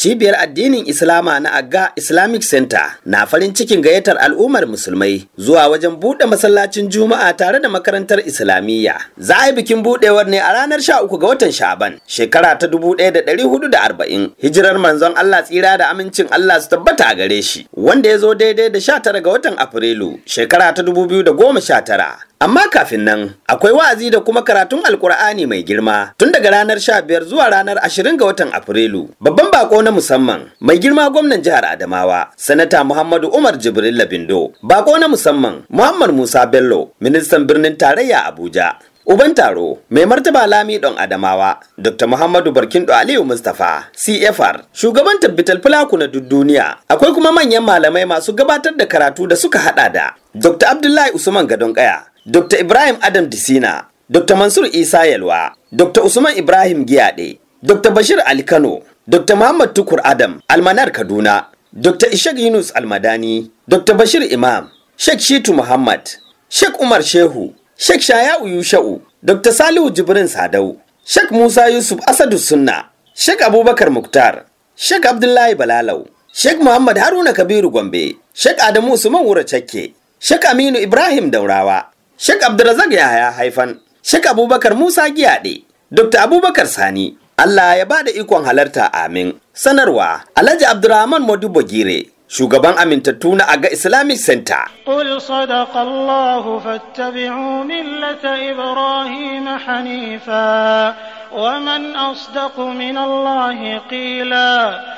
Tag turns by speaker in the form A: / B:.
A: Cibiyar addinin Islama na Aga Islamic Center na farin cikin gayyatar al'ummar musulmai zuwa wajen buɗe masallacin Juma'a tare da makarantar Islamiyya. Za a yi bikin buɗewar ne a ranar 13 ga watan shaaban, shekara ta 1440 hijirar manzon Allah tsira da amincin Allah su tabbata a gare shi wanda ya zo daidai da 19 ga watan Afrilu shekara ta 2019. Amma kafin nan, akwai wa'azi da kuma karatun Alkur'ani mai girma tun daga ranar 15 zuwa ranar 20 ga watan Afrilu. Babban bako na na musamman mai girma gwamnan jihar Adamawa sanata Muhammadu Umar Jibril Labindo bako na musamman Muhammad Musa Bello ministan birnin tarayya Abuja Uban taro mai martaba Lami Don Adamawa, Dr. Muhammadu Barkindo Aliyu Mustapha, CFR, shugaban tabbital fulaku na duniya. Akwai kuma manyan malamai masu gabatar da karatu da suka hada da Dr. Abdullahi Usman Gadon Kaya, Dr. Ibrahim Adam Disina, Dr. Mansur Isa Yalwa, Dr. Usman Ibrahim Giyade, Dr. Bashir Ali Kano, Dr. Muhammad Tukur Adam, Almanar Kaduna, Dr. Ishaq Yunus Almadani, Dr. Bashir Imam, Sheikh Shitu Muhammad, Sheikh Umar Shehu, Sheikh Shaya'u Yusha'u, Dr. Salihu Jibrin Sadau, Sheikh Musa Yusuf Asadu Sunna, Sheikh Abubakar Muktar, Sheikh Abdullahi Balalau, Sheikh Muhammad Haruna Kabiru Gombe, Sheikh Adamu Usman Wura Chakke, Sheikh Aminu Ibrahim Daurawa, Sheikh Abdulrazak Yahaya Haifan, Sheikh Abubakar Musa Giyade, Dr. Abubakar Sani, Allah ya ba da ikon halarta amin. Sanarwa Alhaji Abdulrahman Modibo Gire shugaban amintattu na aga Islamic Center.
B: Qul sadaqallahu fattabi'u millata Ibrahim hanifa wa man asdaqu min Allah qila